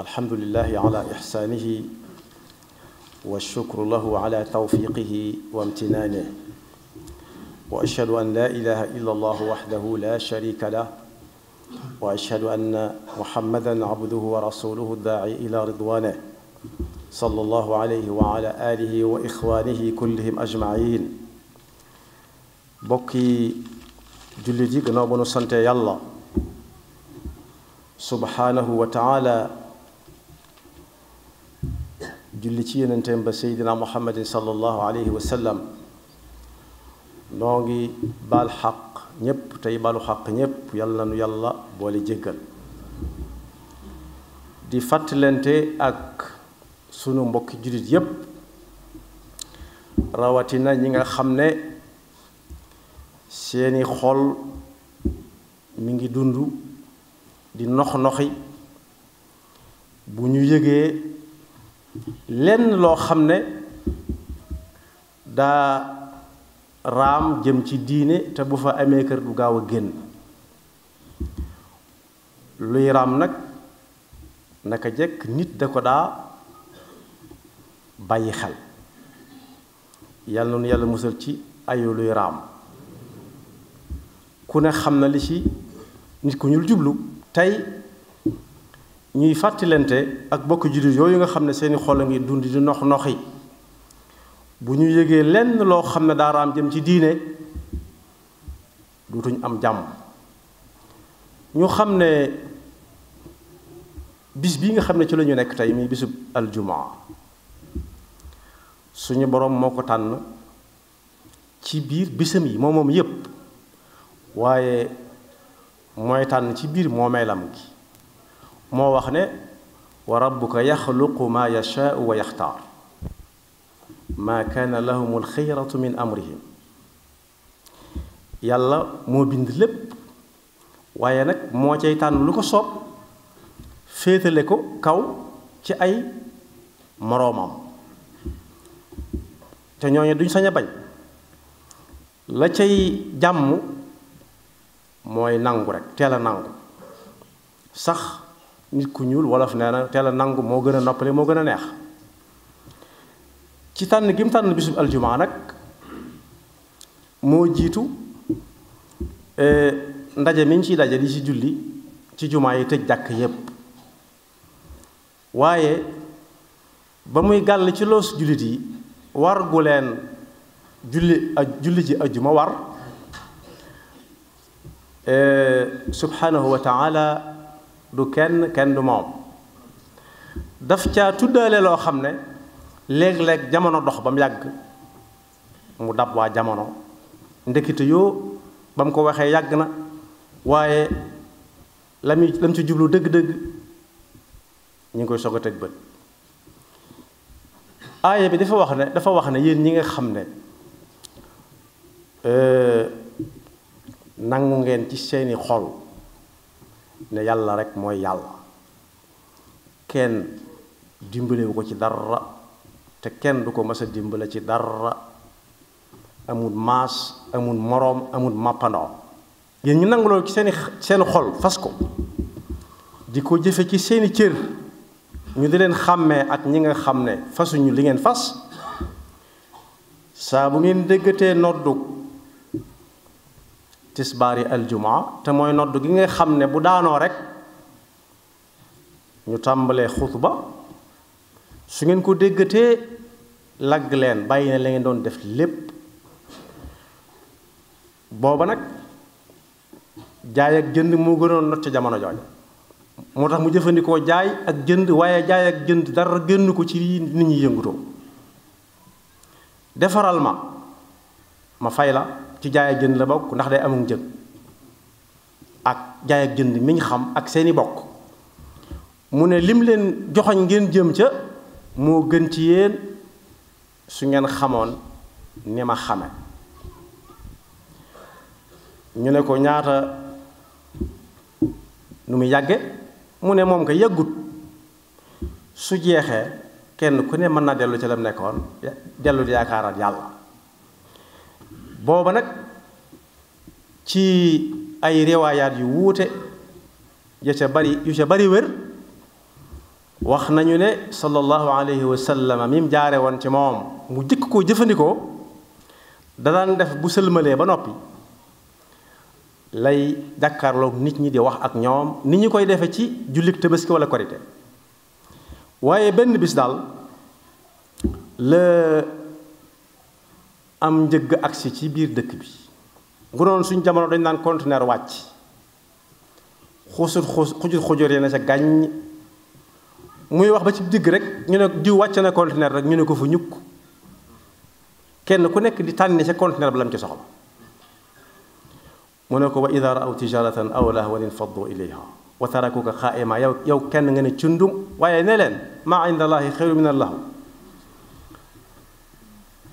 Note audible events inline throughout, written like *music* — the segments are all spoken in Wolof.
alhamdulillahi ala ixsaanihi wa shukru lahu ala tawfiiqihi wa imtinaanihi wa ashhadu an laa ilaha illa allahu waxdahu laa sharika lah wa ashhadu anna muhammadan abduhu wa rasuluhu daaci ila ridwaane sallallahu alayhi wa ala alihi wa ixwaanihi kullihim ajmain bokki jullit yi gannaaw ba nu sante yàlla subhaanahu wa taala julli ci yonenteem ba seydina muhammadin sallallahu alayhi wa sallam noo ngi bal xaq ñépp tey baalu xaq ñépp yàlla nu yàlla boole jéggal di fàttalante ak sunu mbokki jullit yépp rawatina ñi nga xam ne seeni xol mu ngi dund di nox noxi bu ñu yëgee lenn loo xam ne daa raam jëm ci diine te bu fa amee kër du gaaw a génn luy raam nag naka jekk nit da ko daa bàyyi xel yàlla noonu yàlla musal ci ayu luy raam ku ne xam na li ci nit ku ñuul jublu tey ñuy fàttilante ak bokk jullit yooyu nga xam ne seeni xol a ngi dund di nox yi bu ñu yégee lenn loo xam ne daaraam jëm ci diine dutuñ am jàmm ñu xam ne bis bii nga xam ne ci lañu nekk tey muy bisub aljumaa suñu boroom moo ko tànn ci biir bisam yi moom moom yépp waaye mooy tànn ci biir moomeelam gi moo wax ne wa ko yaxluqu maa yashaau wa yaxtaar maa kaana lahum alxiyratu min amrihim yàlla moo bind lépp waaye nag moo cay tànn lu ko soob féetale ko kaw ci ay moroomam te ñooñu duñ sañ bañ la cay jàmm mooy nangu rek teel a nangu sax nit ku ñuul wolof nee na teel a nangu moo gën a noppale moo gën a neex ci tànn gi mu tànn bisub aljumaa nag moo jiitu e, ndaje mi ñu ciy daje di ci julli ci jumaa yi tëj jàkk yépp waaye ba muy gàll ci loos jullit yi war gu leen julli a julli ji ajjuma war e, subhanahu wa du kenn kenn du moom daf caa tuddaale loo xam ne léeg-léeg jamono dox ba mu yàgg mu dab waa jamono ndekete yoo bam ko waxee yàgg na waaye la muy la ci jublu dëgg-dëgg ñu ngi koy soog a teg bët aaya bi dafa wax ne dafa wax ne yéen ñi nga xam ne euh, nangu ngeen ci seeni xol ne yàlla rek mooy yàlla kenn dimbalewu ko ci dara te kenn du ko mës a dimbale ci dara amul maas amul morom amul màppandoo yéen ñu nangu loolu ci seeni seen xol fas ko di ko jëfe ci seeni cër ñu di leen xàmmee ak ñi nga xam ne fasuñu li ngeen fas saa bu ngeen déggatee noddu tisbaari aljumaa te mooy nodd gi nga xam ne bu daanoo rek ñu tàmbalee xutba su ngeen ko déggatee lagg leen bàyyi ne la ngeen doon def lépp booba nag jaay ak jënd moo gënoon not ca jamono jooju moo tax mu jëfandikoo jaay ak jënd waaye jaay ak jënd dara génn ko ci nit ñi yëngutoo defaral ma ma fay la ci jaay ak jënd la bokk ndax day amum jën ak jaay ak jënd mi xam ak seeni bokk mu ne lim leen joxoñ ngeen jëm ca moo gën ci yéen su ngeen xamoon ni ma xame ñu ne ko ñaata nu mu yàgge mu ne moom ko yàggut su jeexee kenn ku ne mën na dellu ci lam nekkoon dellu di yaakaaraat yàlla booba nag ci ay riwaayaat yu wuute ya ca bari yu ca bari wér wax nañu ne sallallahu alayhi wa sallam mi mu jaare woon ci moom mu jëkk koo jëfandikoo da daan def bu sëlmalee ba noppi lay jàkkaarloog nit ñi di wax ak ñoom ni ñu koy defe ci jullit tabaski wala korite waaye benn bis daal la am njëgg agsi ci biir dëkk bi bu doon suñ jamono dañ naan conteneur wàcc xusut xus xujur xujur yi na sa gàññ muy wax ba ci digg rek ñu ne diw wàcc na conteneur rek ñu ne ko fu ñukk kenn ku nekk di tànni sa conteneur ba lam ci soxla mu ne ko wa idaa raaw tijaratan aw lahwan infaddu ilayha wa tarakuka xaa'ima yow kenn nga ne cundum waaye ne leen maa inda min allahu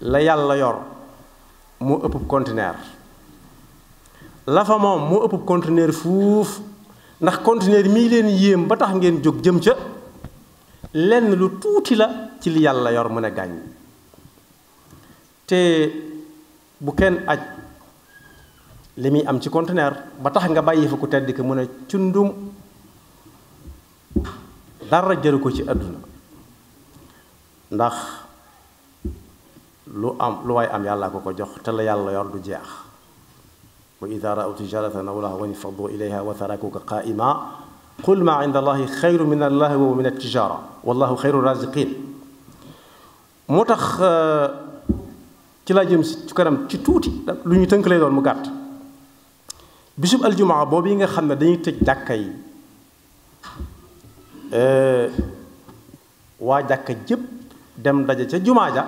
la yàlla yor moo ëpp conteneur la fa moom moo ëpp conteneur fuuf ndax conteneur mii leen yéem ba tax ngeen jóg jëm ca lenn lu tuuti la ci li yàlla yor mën a gàññ te bu kenn aj li muy am ci conteneur ba tax nga bàyyi fa ku tedd ki mën a cundum dara jëru ko ci àdduna ndax lu am lu waay am yàlla ko ko jox te la yàlla yor du jeex wa ida raw tijaratan aw lahwan infaddu ilayha wa tarakuka qaima qul ma wa min tax euh, ci laa jëm ci ci tuuti lu ñu tënk lay doon mu gàtt bisub aljumaa boobu yi nga xam ne dañuy tëj jàkka yi euh, waa jàkka jëpp dem daje ca jumaa ja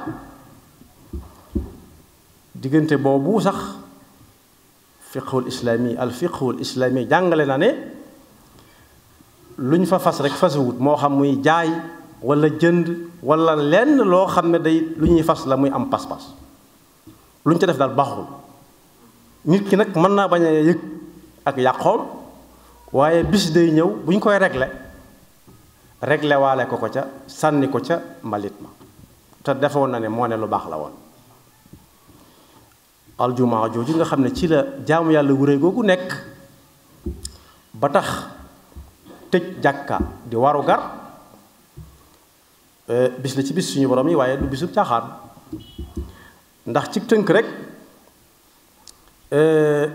diggante boobu sax fiqhul islaami al fiqhul islaami jàngale na ne luñ fa fas rek fasuwut moo xam muy jaay walla jënd walla lenn loo xam ne day lu ñuy fas la muy am pas-pas luñ ca def daal baaxul nit ki nag mën naa bañ a yëg ak yàqoom waaye bis day ñëw bu ñu koy regle regle ko ko ca sànni ko ca mbalit ma te defoon na ne moo ne lu baax la woon aljumaa jooju nga xam ne ci la jaamu yàlla wuré googu nekk ba tax tëj jàkka di waru gar eh, bis la ci bis suñu borom yi waaye du bisu caaxaan ndax ci tënk rek eh,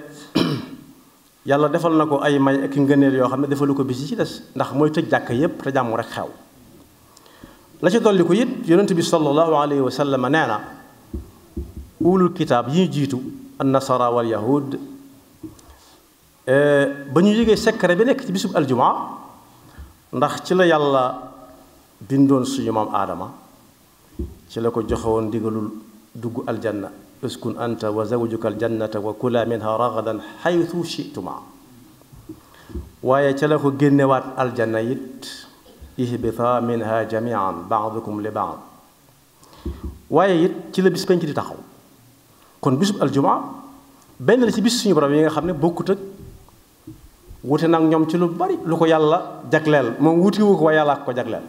*clears throat* yàlla defal na ko ay may ak ngëneel yoo xam ne defalu ko bis yi ci des ndax mooy tëj jàkka yépp te jàmm rek xew la ci dolli ko it yonent bi sallallahu alayhi wa nee na ulul kitaab yi ñu jiitu an nasara wal yahud e, ba ñu yëgee secret bi nekk ci bisub aljumaa ndax ci la yàlla bindoon suñu maam aadama ci la ko joxewoon ndigalul dugg aljanna uskun anta wa zawjuka waaye ca la ko génnewaat aljanna it ihbita minha jamian baadukum li baad waaye it ci la bis penc di taxaw kon bisub aljumaa benn la ci bis suñu borom yi nga xam ne bokkut ak wute nag ñoom ci lu bari lu ko yàlla jagleel moom wutiwu ko waaye yàlla ko jagleel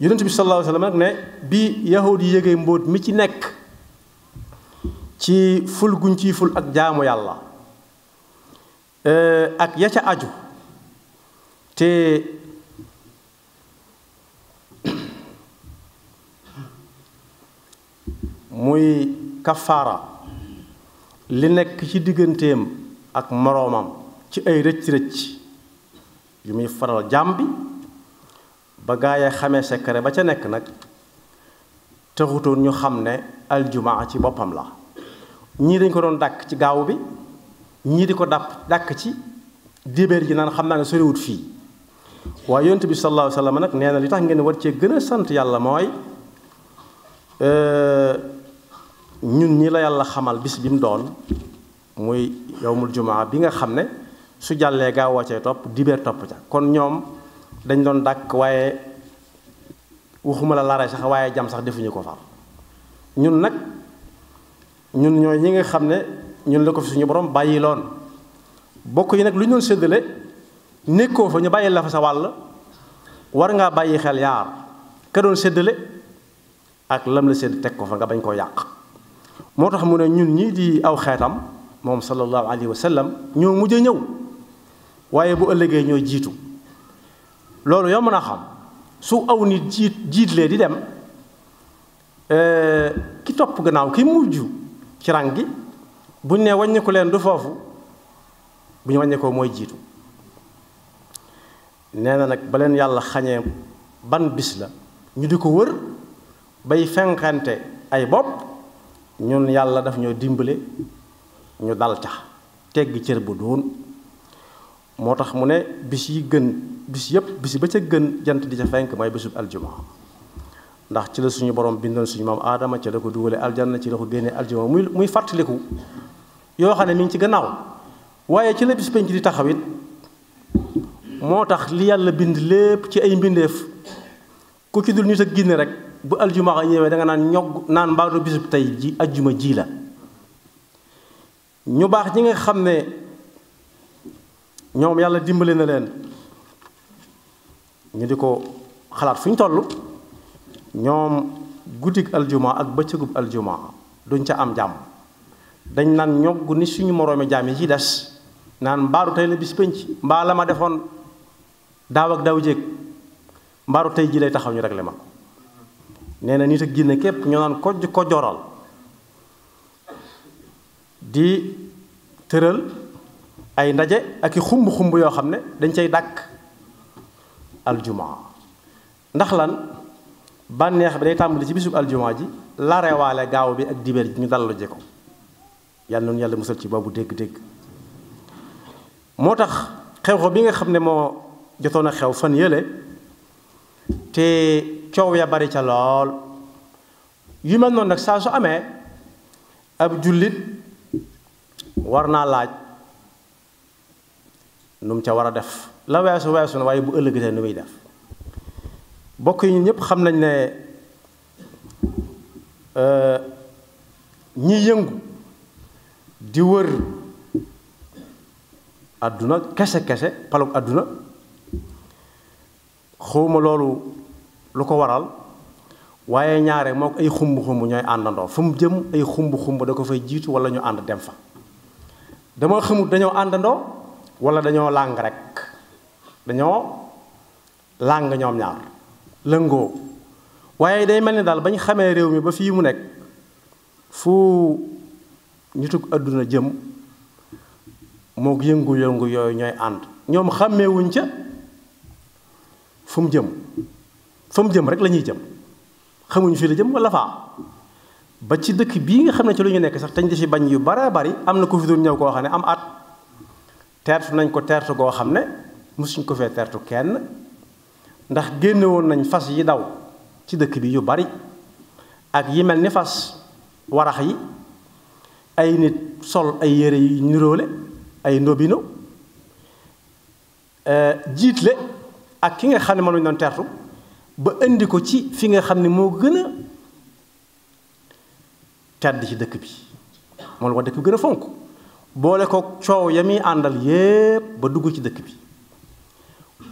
yonent bi sallallahu alayhi wa ne bi yahud yi yëgee mbóot mi ci nekk ci ful guñ ciy ful ak jaamu yàlla eh, ak ya aju te *coughs* muy kafaara li nekk ci digganteem ak moroomam ci ay rëcc-rëcc yu muy faral jaam bi ba gaayee xamee sekkare ba ca nekk nag taxutoon ñu xam ne aljumaa ci boppam la ñii dañ ko doon dàkk ci gaaw bi ñii di ko dàpp dàkk ci dibeer ji naan xam naa ne soriwut fii waaye yonent bi sallallahu alayhi wa nag nee na li tax ngeen war cee gën a sant yàlla mooy euh, ñun ñi la yàlla xamal bis bi mu doon muy yowmul jumaa bi nga xam ne su jàllee gaaw wàccee topp dibeer topp ca kon ñoom dañ doon dàkk waaye waxuma la lare sax waaye jam sax defuñu ko far ñun nag ñun ñooy ñi nga xam ne ñun la ko fi suñu borom bàyyi loon bokk yi nag lu ñu doon séddale nekkoo fa ñu bàyyi la fa sa wàll war ngaa bàyyi xel yaar ka doon séddale ak lam la sédd teg ko fa nga bañ koo yàq moo tax mu ne ñun ñii di aw xeetam moom sallallahu alayhi wa sallam ñoo mujj a ñëw waaye bu ëllëgee ñooy jiitu loolu yow mën a xam su aw nit jiit jiitlee di dem eh, ki topp gannaaw ki mujj ci rang gi buñ ne wàññiku leen du foofu bu ñu wàññikoo mooy jiitu nee na nag baleen yàlla xañee ban bis la ñu di ko wër bay fenkante ay bopp ñun yàlla daf ñoo dimbale ñu dal ca tegg cër bu doon moo tax mu ne bis yi gën bis yépp bis ba ca gën jant di ca fenk mooy bisub aljuma ndax ci la suñu borom bindoon suñu maam aadama ci la ko dugale aljanna ci la ko génnee aljuma muy muy fàttaliku yoo xam ne mi ngi ci gannaaw waaye ci la bis penc di taxaw moo tax li yàlla bind lépp ci ay mbindeef ku ci dul nit ak ginne rek bu aljumaa ñëwee da nga naan ñog naan mbaadu bisub tey ji ajjuma jii la ñu baax ñi nga xam ne ñoom yàlla dimbali na leen ñu di ko xalaat fu ñu toll ñoom guddik aljumaa ak bëccëgub aljumaa duñ ca am jàmm dañ naan ñogg ni suñu moroomi jàmm yi ci des naan mbaaru tey la bis pénc mbaa la ma defoon daaw ak daaw jéeg mbaaru tey ji lay taxaw ñu réglé ma nee na nit ak jinne képp ñoo naan koj ko di tëral ay ndaje ak i xumb xumb yoo xam ne dañ cay dàkk aljumaa ndax lan bànneex bi day tàmbali ci bisub aljumaa ji larewaale gaaw bi ak dibeer ji ñu dallu ji ko yàlla noonu yàlla musal ci boobu dégg-dégg moo tax xew xew bi nga xam ne moo jotoon a xew fan yële te coow ya bari ca lool yu mel noonu nag saa su amee ab jullit war naa laaj nu ca war a def la weesu weesu na waaye bu ëllëgatee nu muy def bokk yi ñun ñëpp xam nañ ne euh, ñi yëngu di wër àdduna kese kese palug àdduna xawma loolu lu ko waral waaye ñaare moo ay xumb-xumb ñooy àndandoo fu mu jëm ay xumb-xumb da ko fay jiitu wala ñu ànd dem fa dama xamut dañoo àndandoo wala dañoo làng rek dañoo làng ñoom ñaar lëngoo waaye day mel ni daal bañ xamee réew mi ba fii mu nekk fu ñu tugg àdduna jëm moo yëngu-yëngu yooyu ñooy ànd ñoom xàmmewuñ ca fu jëm fa jëm rek lañuy jëm xamuñu fii la jëm wala faa ba ci dëkk bii nga xam ne ci lu ñu nekk sax tañ di si bañ yu bare bari am na ko fi doon ñëw koo xam ne am at teertu nañ ko teertu goo xam ne musuñ ko fee teertu kenn ndax génnewoon woon nañ fas yi daw ci dëkk bi yu bari ak yi mel ni fas warax yi ay nit sol ay yére yu niroole ay ndobino eh, jiitle ak ki nga xam ne moom lañu doon tertu ba indi ko ci fi nga xam ne moo gën a tedd ci dëkk bi moom la dëkk bi gën a fonk boole ko coow ya àndal yépp ba dugg ci dëkk bi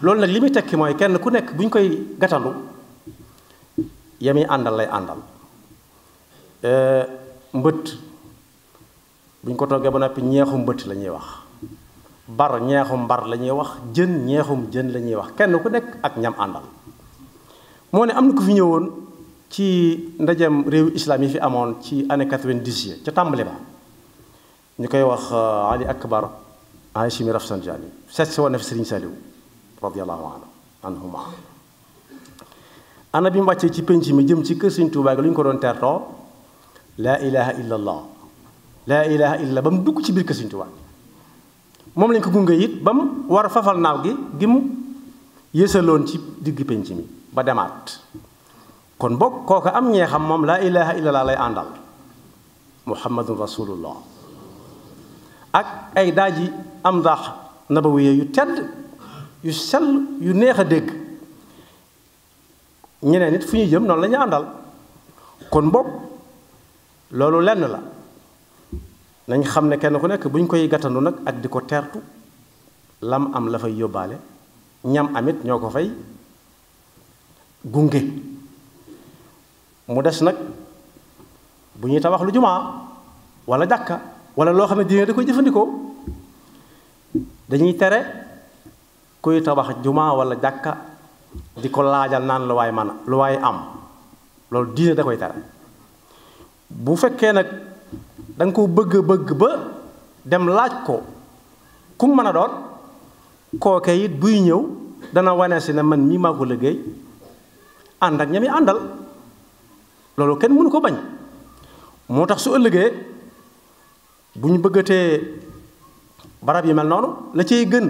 loolu nag li muy tekki mooy kenn ku nekk bu ñu koy gatandu ya àndal lay àndal mbëtt bu ñu ko toggee ba noppi ñeexu mbëtt lañuy wax bar ñeexum bar la ñuy wax jën ñeexum jën la ñuy wax kenn ku nekk ak ñam àndal moo ne am na ku fi ñëwoon ci ndajem réew islam yi fi amoon ci année 90 yi ca tàmbali ba ñu koy wax uh, Ali Akbar Hashimi Rafsanjani seet si woon na fi Sëriñ Saliw radiyallahu anhu anhuma ana mu wàccee ci penc mi jëm ci kër Sëriñ Tuubaa gi lu ñu ko doon teertoo laa ilaha illa allah laa ilaha illa ba mu dugg ci biir kër Sëriñ Tuubaa moom lañ ko gunge it ba mu war a fafal naaw gi gi mu yësaloon ci diggu penc mi ba demaat kon bokk kooka am ñee xam moom laa ilaha illallah lay àndal muhammadun rasulullah ak ay daaji am ndax nabawiya yu tedd yu sell yu neex a dégg ñeneen nit fu ñu jëm noonu la àndal kon bokk loolu lenn la nañ xam ne kenn ku nekk bu ñu koy gàttandu nag ak di ko teertu lam am la fay yóbbaale ñam amit ñoo ko fay gunge mu des nag bu ñuy tabax lu jumaa walla jàkka wala loo xam ne diine da koy jëfandikoo dañuy tere kuy tabax jumaa wala jàkka di ko laajal naan lu waay man lu waay am loolu diine da koy tere bu fekkee nag danga ko koo bëgg bëgg ba dem laaj ko kum mu mën a doon kooke it buy ñëw dana wane si ne man mii maa ko liggéey ànd ak ña muy àndal loolu kenn mënu ko bañ moo tax su ëllëgee bu ñu bëggatee barab yi mel noonu la cay gën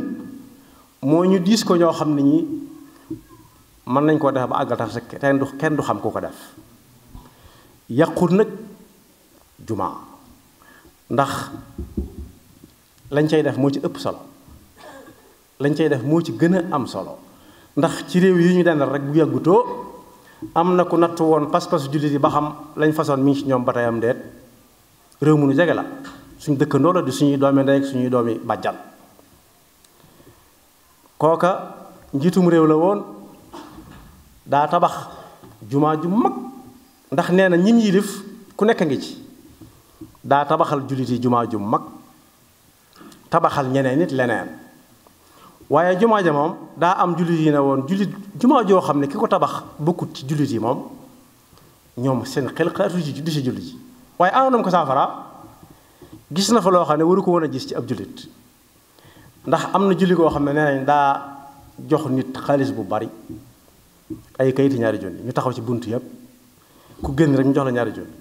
moo ñu diis ko ñoo xam ne ñi mën nañ koo def ba àggal tax sa kenn kenn du xam koo ko def yàqut nag jumaa ndax lañ cay def moo ci ëpp solo lañ cay def moo ci gën a am solo ndax ci réew yi ñu dendal rek bu yàggutoo am na ku nattu woon pas-pasu jullit yi ba xam lañ façon mi ngi ci ñoom ba tey am deet réew mu nu jege la suñ dëkkandoo la di suñuy doomi ndey ak suñuy doomi bàjjan kooka njiitum réew la woon daa tabax jumaa ju mag ndax nee na ñim yilif ku nekk ngi ci daa tabaxal jullit yi jumaa ju mag tabaxal ñeneen nit leneen waaye jumaa ja moom daa am jullit yi ne woon jullit jumaa joo xam ne ki ko tabax bokkut ci jullit yi moom ñoom seen xel xalaatu ci du jullit yi waaye anam ko saafara gis na fa loo xam ne waru ko woon a gis ci ab jullit ndax am na julli koo xam ne nee daa jox nit xaalis bu bari ay kayiti ñaari junni ñu taxaw ci bunt yëpp ku génn rek ñu jox la ñaari junni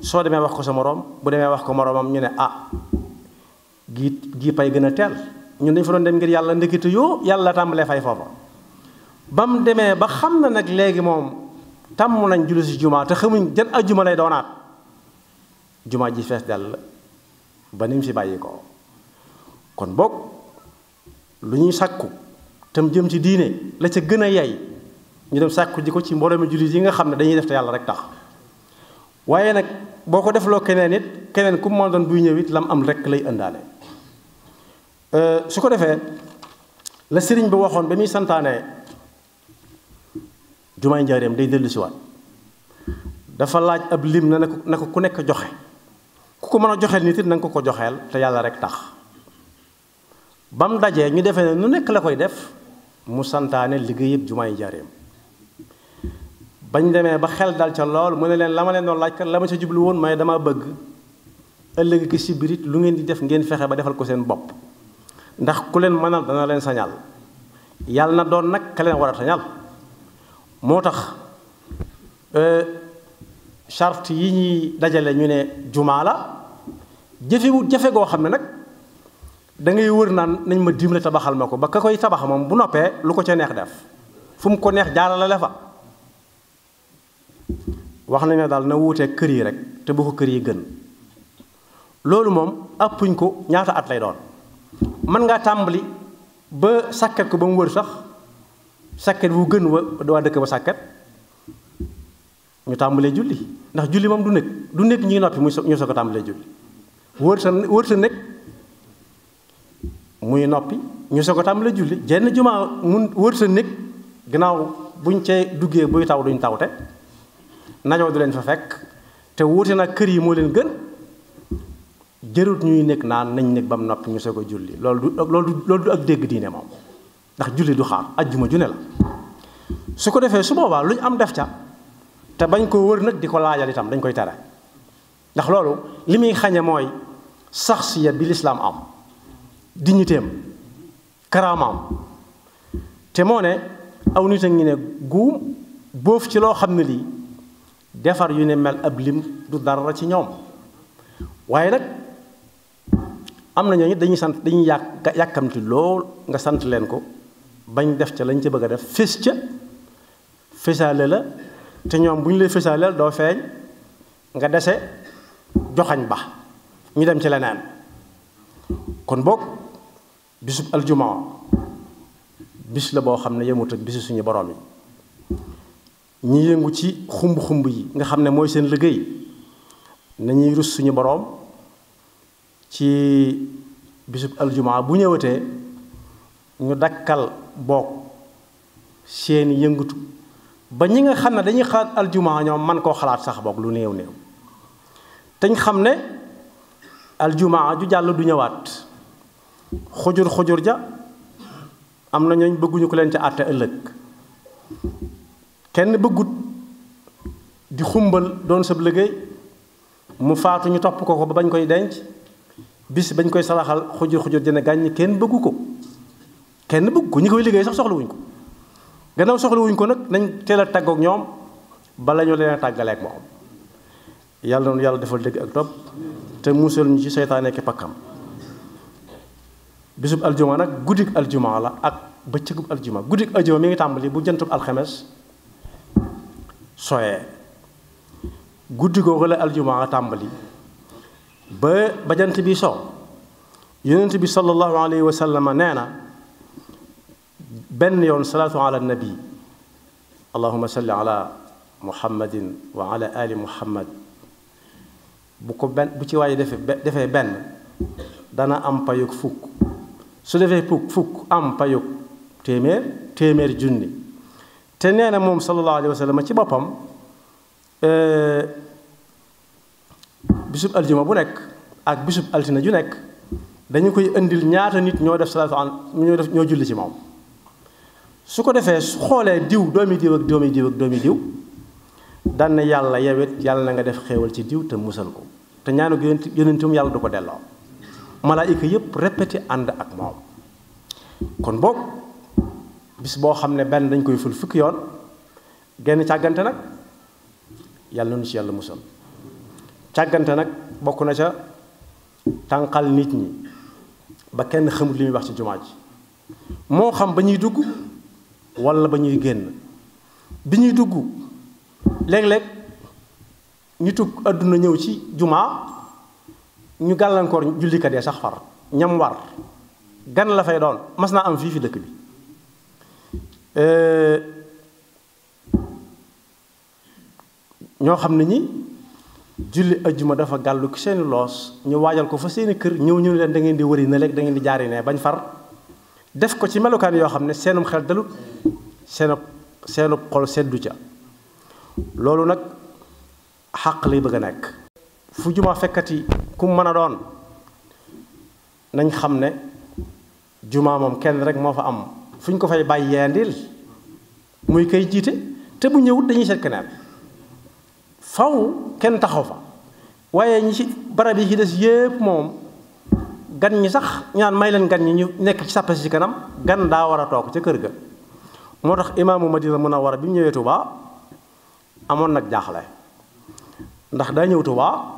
soo demee wax ko sa moroom bu demee wax ko moroomam ñu ne ah gii gii pay gën a teel ñun dañ fa doon dem ngir yàlla ndekete yoo yàlla tàmbalee fay foofa ba mu demee ba xam na nag léegi moom tàmm nañ julli si jumaa te xamuñ jan ajjuma lay doonaat jumaa ji fees la ba ni mu fi bàyyi ko kon boog lu ñuy sàkku tam jëm ci diine la ca gën a yay ñu dem sàkku ji ko ci mbooloo mi jullit yi nga xam ne dañuy def te yàlla rek tax waaye nag boo ko defloo keneen it keneen ku mën doon buy ñëw it lam am rek lay ëndaale euh, su ko defee la sëriñ bi waxoon ba muy santaane jumaay njaareem day dellu si waat dafa laaj ab lim na na ko ku nekk joxe ku ko mën a joxeel nit it na ko ko joxeel te yàlla rek tax ba mu dajee ñu defee ne nu nekk la koy def mu santaane liggéey liggéeyëb jumaay njaareem bañ demee ba xel dal ca lool mu ne leen la ma leen doon laaj kat la ma ca jublu woon may dama bëgg ëllëg ki si lu ngeen di def ngeen fexe ba defal ko seen bopp ndax ku leen mënal dana leen sañal yàlla na doon nag ka leen war a sañal moo tax euh, charte yi ñuy dajale ñu ne jumaa la jëfewut jëfe goo xam ne nag da ngay wër naan nañ ma dimbale tabaxal ma ko ba ka koy tabax moom bu noppee lu ko ca neex def fu mu ko neex jaarale la fa wax nañ ne daal na wuutee kër yi rek te bu ko kër yi gën loolu moom ëppuñ ko ñaata at lay doon mën ngaa tàmbali ba sàkket ko ba mu wër sax sàkket bu gën wa waa dëkk ba sàkket ñu tàmbalee julli ndax julli moom du nekk du nekk ñi noppi muy ñu soog a tàmbalee julli wër sa muy noppi ñu soog ko tàmbalee julli jenn jumaa mun wër sa nekk gannaaw buñ cee duggee buy taw duñ tawte najoo du leen fa fekk te wuute na kër yi moo leen gën jërut ñuy nekk naan nañ nekk ba mu noppi ñu soog a julli loolu du loolu du ak dégg diine moom ndax julli du xaar ajjuma ju ne la su ko defee su boobaa lu ñu am def ca te bañ koo wër nag di ko laajal itam dañ koy tere ndax loolu li muy xañe mooy sax saxsiya bi lislaam am dignitéem karaamaam te moo ne aw nit a ngi ne guum boof ci loo xam ne lii defar yu ne mel ab lim du dara ci ñoom waaye nag am na ñooñu dañuy sant dañuy yàq yàkkamti lool nga sant leen ko bañ def ca lañ ca bëgg a def fés ca fésaale la te ñoom bu ñu lay fésaaleel doo feeñ nga dese joxañ ba ñu dem ci leneen kon boog bisub aljuma bis la boo xam ne yemut ak bisu suñu borom yi ñi yëngu ci xumb-xumb yi nga xam ne mooy seen liggéey nañuy rus suñu boroom ci bisub aljumaa bu ñëwatee ñu dakkal boog seeni yëngatu ba ñi nga xam ne dañuy xalaat aljumaa ñoom man koo xalaat sax boog lu néew néew teñ xam ne aljumaa ju jàll du ñëwaat xujur xujur ja am na ñooñ bëgguñu ko leen ca àtte ëllëg kenn bëggut di xumbal doon sab liggéey mu faatu ñu topp ko ko ba bañ koy denc bis bañ koy salaxal xujur xujur dina gàññ kenn bëggu ko kenn bëgg ko ñi koy liggéey sax soxlawuñ ko gannaaw soxlawuñ ko nag nañ teel a tàggoog ñoom bala ñu leen a tàggaleeg moom yàlla noonu yàlla defal dëgg ak topp te musal ñu ci seytaane ki pakkam bisub aljuma nag guddik aljuma la ak bëccëgub aljuma guddik aljuma mi ngi tàmbali bu jëntub alxemes soyee guddi googu la aljumaa tàmbali ba ba bi so yonent bi sallallahu alayhi wa nee na benn yoon salaatu ala nabi allahuma salli ala muhammadin wa ala ali muhammad bu ko benn bu ci waaye defee benn dana am payug fukk su defee fukk fukk am payug téeméer téeméer junni te nee na moom sallallahu alayhi wa sallam ci boppam eh, bisub aljuma bu nekk ak bisub altina ju nekk dañu koy indil ñaata nit ñoo def salaatu mu ñoo def ñoo julli ci moom su ko defee su xoolee diw doomi diw ak doomi diw ak doomi diw daan na yàlla yewet yàlla na nga def xéewal ci diw te musal ko te ñaanu yonentum yàlla du ko delloo malaayika yépp répété ànd ak moom kon boog bis boo xam ne benn dañ koy ful fukk yoon génn càggante nag yàlla nu ci yàlla musal càggante nag bokk na ca tànqal nit ñi ba kenn xamul li muy wax ci jumaa ji moo xam ba ñuy dugg wala ba ñuy génn bi ñuy dugg léeg-léeg ñu tug àdduna ñëw ci jumaa ñu gàllankoor jullikat sax far ñam war gan la fay doon mas naa am fii fi dëkk bi Euh, ñoo xam ne ñi julli ajjuma dafa gàllu ki seeni loos ñu waajal ko fa seeni kër ñëw ñu leen da ngeen di wëri na leeg da di jaari ne bañ far def ko ci melokaan yoo xam ne seenum xel dalut seenub seenub xol seddu ca loolu nag xàq lay bëgg a nekk fu jumaa fekkati ku mën a doon nañ xam ne jumaa moom kenn rek moo fa am fu ñu ko fay bàyyi yaandeel muy koy jiite te bu ñëwut dañuy seet keneen faw kenn taxaw fa waaye ñi ci barab yi ci des yépp moom gan ñi sax ñaan may leen gan ñi ñu nekk ci sàppe si kanam gan daa war a toog ca kër ga moo tax imaamu Madina Munawwara bi mu ñëwee Tuubaa amoon nag jaaxle ndax daa ñëw Tuubaa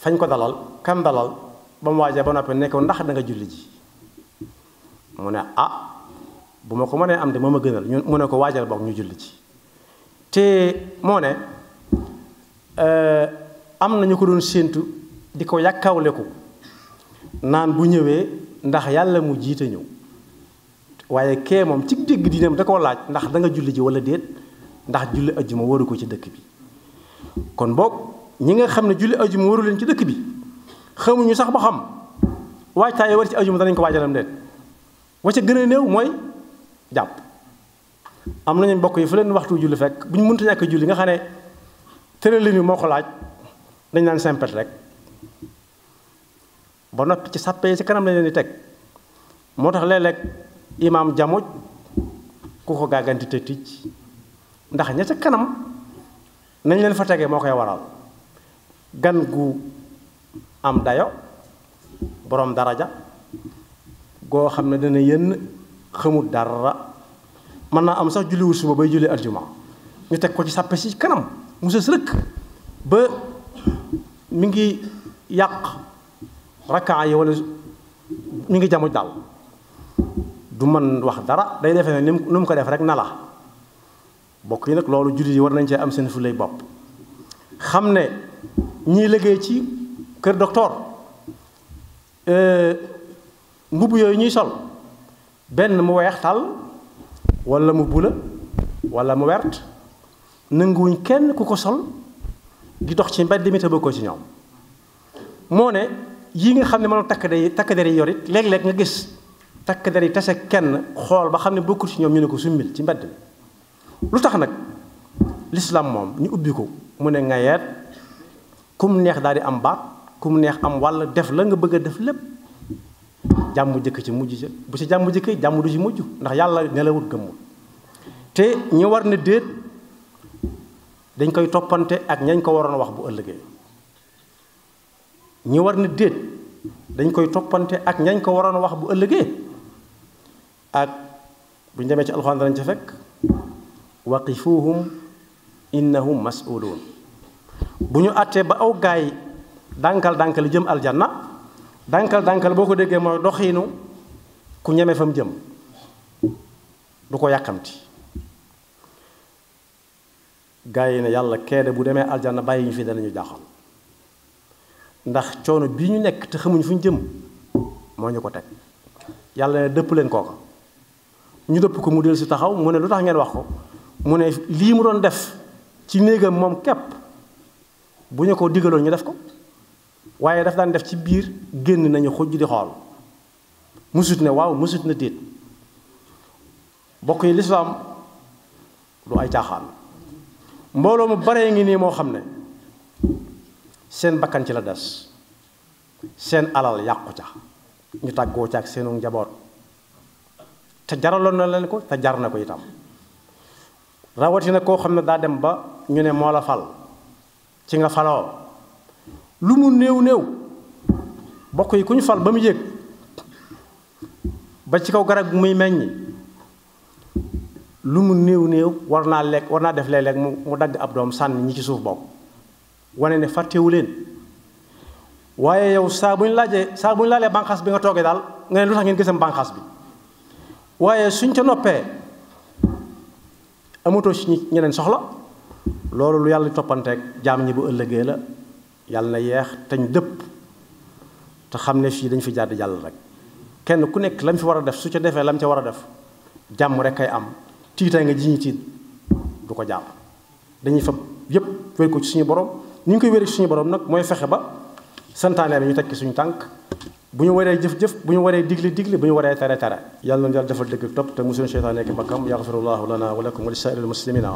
fañ ko dalal kam dalal ba mu waajee ba noppi nekk ndax danga nga julli ji mu ne ah bu ma ko mënee am de moom a gënal ñu mu ne ko waajal boog ñu julli ci te moo ne euh, am na ñu ko doon séentu di ko ko naan bu ñëwee ndax yàlla mu jiite ñëw waaye kee moom ci dégg diineem da ko laaj ndax danga nga julli ji wala déet ndax julli ajjuma waru ko ci dëkk bi kon boog ñi nga xam ne julli ajjuma waru leen ci dëkk bi xamuñu sax ba xam waajtaay war ci ajjuma danañ ko waajalam déet wa ca gën a néew mooy jàpp am nañu mbokk yi fu leen waxtu julli fekk bu ñu mënta ñàkk julli nga xam ne tëralin yi moo ko laaj dañ naan simpet rek ba noppi ci sàppe yi ci kanam la leen di teg moo tax léeg lekk imaam jamuj ku ko gàgganti te ndax ñetti kanam nañ leen fa tegee moo koy waral gan gu am dayo boroom daraja goo xam ne dana yenn xamul dara mën naa am sax julliwul suba bay julli aljuma ñu teg ko ci sàppe si kanam mu sës rëkk ba mi ngi yàq rakkaa yi wala mi ngi jamuj daal du mën wax dara day defe ne ni mu ko def rek nala la yi nag loolu jullit yi war nañ cee am seen fulay bopp xam ne ñii liggéey ci kër docteur euh, mbubb yooyu ñuy sol benn mu weex tal wala mu bula wala mu wert nanguwuñ kenn ku ko sol di dox ci mbedd mi te bokkoo ci ñoom moo ne yii nga xam ne mënoo takk day takk der yi yor it léeg-léeg nga gis takk der yi tase kenn xool ba xam ne bokkul ci ñoom ñu ne ko summil ci mbedd mi lu tax nag lislaam moom ñu ubbi ko mu ne ngayeet kum neex daal di am baat kum neex am wàll def la nga bëgg a def lépp jàmm jëkk ci mujj bu ci jàmm jëkkee jàmm du ci mujj ndax yàlla nelawut gëmmul te ñi war ne déet dañ koy toppante ak ñañ ko waroon wax bu ëllëgee ñi war ne déet dañ koy toppante ak ñañ ko waroon a wax bu ëllëgee ak bu ñu demee ci alxuraan danañ ca fekk waqifuhum innahum mas'uluun bu ñu àttee ba aw gaay dànkal dànkal jëm aljanna dànkal dànkal boo ko déggee mooy doxiinu ku ñemee fam jëm du ko yàkkamti gaa yi ne yàlla keede bu demee aljanna bàyyi ñu fi danañu jaaxal ndax coono bii ñu nekk te xamuñ fu jëm moo ñu ko teg yàlla ne dëpp leen kooka ñu dëpp ko mu del si taxaw mu ne lu tax ngeen wax ko mu ne lii mu doon def ci néegam moom képp bu ñu ko digaloo ñu def ko waaye daf daan def ci biir génn nañu xujj di xool musut na waaw musut na déet bokk yi lislaam lu ay caaxaan mbooloo mu baree ngi nii moo xam ne seen bakkan ci la des seen alal yàqu ca ñu tàggoo ca ak seenu njaboot te jaraloon na leen ko te jar na ko itam rawatina koo xam ne daa dem ba ñu ne moo la fal ci nga faloo lu mu néew néew bokk yi ku ñu fal ba mu yéeg ba ci kaw garab gi muy meññ lu mu néew néew war naa lekk war naa def léeg-léeg mu dagg ab doom sànni ñi ci suuf bokk wane ne fàttewu leen waaye yow saa bu ñu laajee saa bu ñu laalee bànqaas bi nga toogee daal nga ne lu tax ngeen gisam bànqaas bi waaye suñ ca noppee amatoo ci ñeneen soxla loolu lu yàlla toppanteeg jaam ñi bu ëllëgee la yàlla na yeex teñ dëpp te xam ne fii dañ fi jàdd jàll rek kenn ku nekk lañ fi war a def su ca defee lañ ca war a def jàmm rek ay am tiitaay nga ji ñu tiit du ko jàpp dañuy fa yépp wér ko ci suñu borom ni ñu koy wéri ci suñu borom nag mooy fexe ba santaane bi ñu tekki suñu tànk bu ñu waree jëf-jëf bu ñu waree digle digle bu ñu waree tere tere yàlla na defal dëgg topp te mosuñu seytaane nekk bakkam yaxfirullahu lana wa lakum wa li saa'iril muslimina